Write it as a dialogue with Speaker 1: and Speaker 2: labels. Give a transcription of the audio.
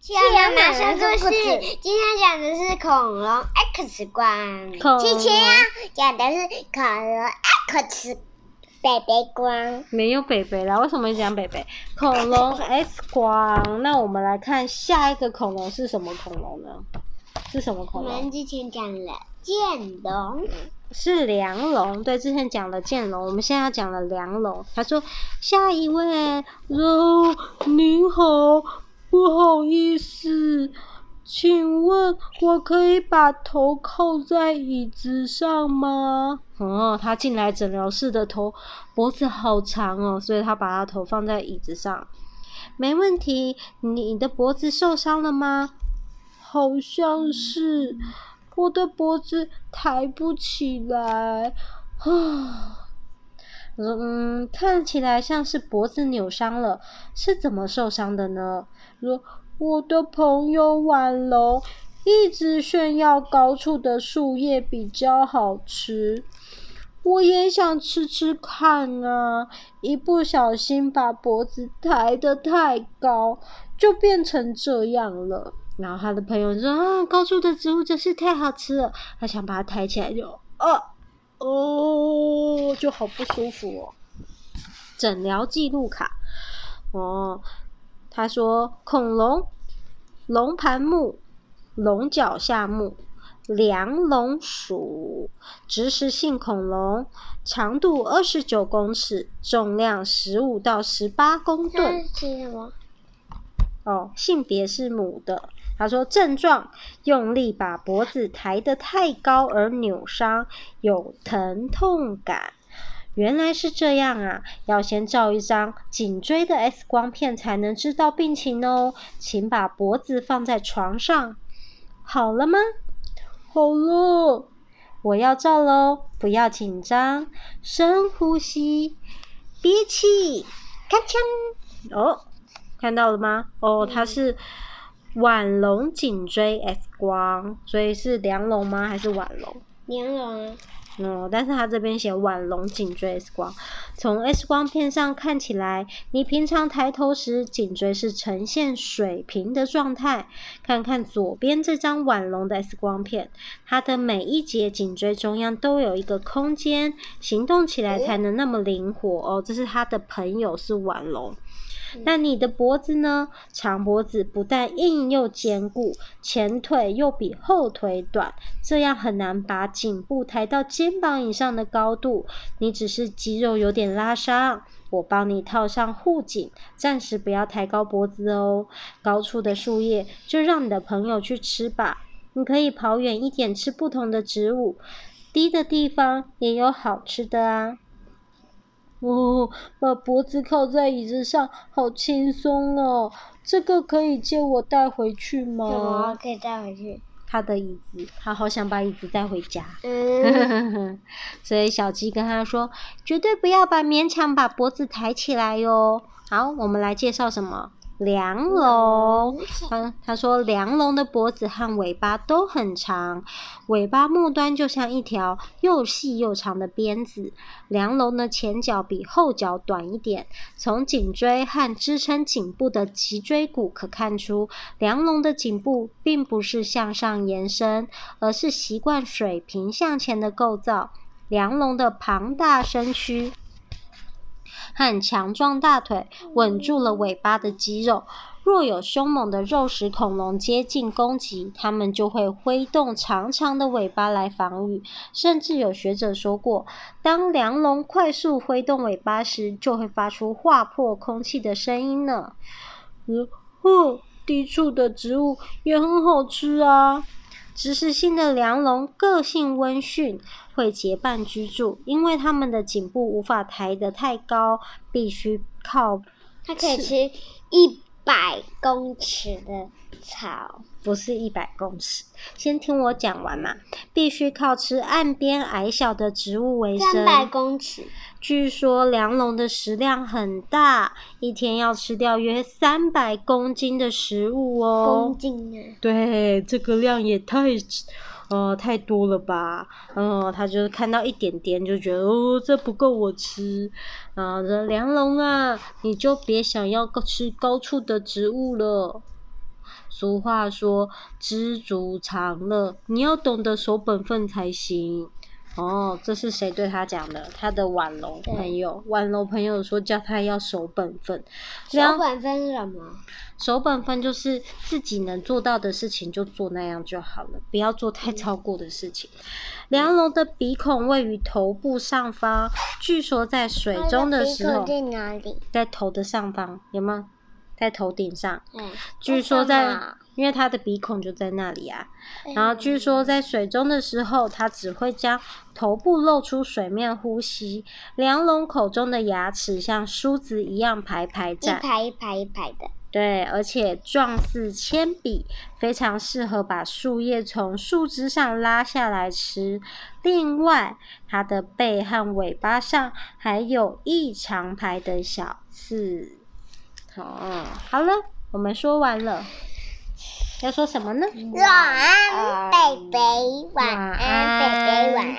Speaker 1: 趣聊馬上就是今天講的是恐龍 X 光。今天講的是恐龍 X 北北光。沒有北北啦，為什麼講北北？恐龍 X 光。 那我們來看下一個恐龍是什麼恐龍呢？是什麼恐龍？我們之前講了劍龍，是梁龍。對，之前講了劍龍，我們現在要講了梁龍。他說：“下一位，嘍您好。”不好意思，請問我可以把頭靠在椅子上嗎？哦，他進來診療室的頭脖子好長哦，所以他把他頭放在椅子上。沒問題，你的脖子受傷了嗎？好像是，我的脖子抬不起來，啊。嗯，看起來像是脖子扭傷了，是怎麼受傷的呢？說我的朋友腕龍，一直炫耀高處的樹葉比較好吃，我也想吃吃看啊！一不小心把脖子抬得太高，就變成這樣了。然後他的朋友說啊，高處的植物真是太好吃了，他想把它抬起來就，就、啊、哦哦，oh, 就好不舒服哦。診療記錄卡，哦，他說恐龍，龍盤目，龍腳下目，梁龍屬，植食性恐龍，長度二十九公尺，重量十五到十八公噸。這是什麼？哦，性別是母的。他說：“症狀，用力把脖子抬得太高而扭傷，有疼痛感。原來是這樣啊！要先照一張頸椎的 X 光片才能知道病情哦。請把脖子放在床上，好了嗎？好了，我要照嘍，不要緊張，深呼吸，憋氣，咔嚓！哦，看到了嗎？哦，他是。嗯”腕龍頸椎 X 光，所以是梁龍嗎？還是腕龍？梁龍啊。哦、嗯，但是他這邊寫腕龍頸椎 X 光，從 X 光片，上看起來，你平常抬頭時頸椎是呈現水平的狀態。看看左邊這張腕龍的 X 光片，它的每一節頸椎中央都有一個空間，行動起來才能那麼靈活哦，哦。這是他的朋友，是腕龍。那你的脖子呢？長脖子不但硬又堅固，前腿又比後腿短，這樣很難把頸部抬到肩膀以上的高度。你只是肌肉有點拉傷，我幫你套上護頸，暫時不要抬高脖子哦。高處的樹葉就讓你的朋友去吃吧，你可以跑遠一點吃不同的植物，低的地方也有好吃的啊。哦，把脖子靠在椅子上，好輕鬆哦！這個可以借我帶回去嗎？啊，可以帶回去，他的椅子，他好想把椅子帶回家。嗯、 所以小雞跟他說，絕對不要把勉強把脖子抬起來喲。好，我們來介紹什麼？梁龍，他、嗯、他說梁龍的脖子和尾巴都很長，尾巴末端就像一條又細又長的鞭子。梁龍的前腳比後腳短一點，從頸椎和支撐頸部的脊椎骨可看出，梁龍的頸部並不是向上延伸，而是習慣水平向前的構造。梁龍的龐大身軀，和強壯大腿，穩住了尾巴的肌肉。若有兇猛的肉食恐龍接近攻擊，它們就會揮動長長的尾巴來防禦。甚至有學者說過，當梁龍快速揮動尾巴時，就會發出劃破空氣的聲音呢。嗯哼、呃呃，低處的植物也很好吃啊。植食性的梁龍個性溫馴，會結伴居住，因為他們的頸部無法抬得太高，必須靠。它可
Speaker 2: 以吃
Speaker 1: 一。百公尺的草，不是一百公尺，先聽我講完嘛。必須靠吃岸邊矮小的植物為生。300公尺。據說梁龍的食量很大，一天要吃掉約三百公斤的食物哦。公斤耶、啊。對，這個量也太。哦、呃，太多了吧！哦、呃，他就看到一點點，就覺得哦，這不夠我吃。啊、呃、後梁龍啊，你就別想要吃高處的植物了。俗話說，知足常樂，你要懂得守本分才行。哦，這是誰對他講的？他的腕龍朋友，腕龍對朋友說叫他要守本分。守本分是什麼？守本分就是自己能做到的事情就做，那樣就好了，不要做太超過的事情。嗯。梁龍的鼻孔位於頭部上方，據說在水中的時候，他的鼻孔在哪裡？在頭的上方，有嗎有？在頭頂上。嗯，據說在。因為它的鼻孔就在那裡啊，然後據說在水中的時候，它只會將頭部露出水面呼吸。梁龍口中的牙齒像梳子一樣排排站，一排一排一排的。對，而且狀似鉛筆，非常適合把樹葉從樹枝上拉下來吃。另外，它的背和尾巴上還有一長排的小刺。好啊，好了，我們說完了。要說什麼呢？晚安，貝貝。晚安，貝貝。晚安。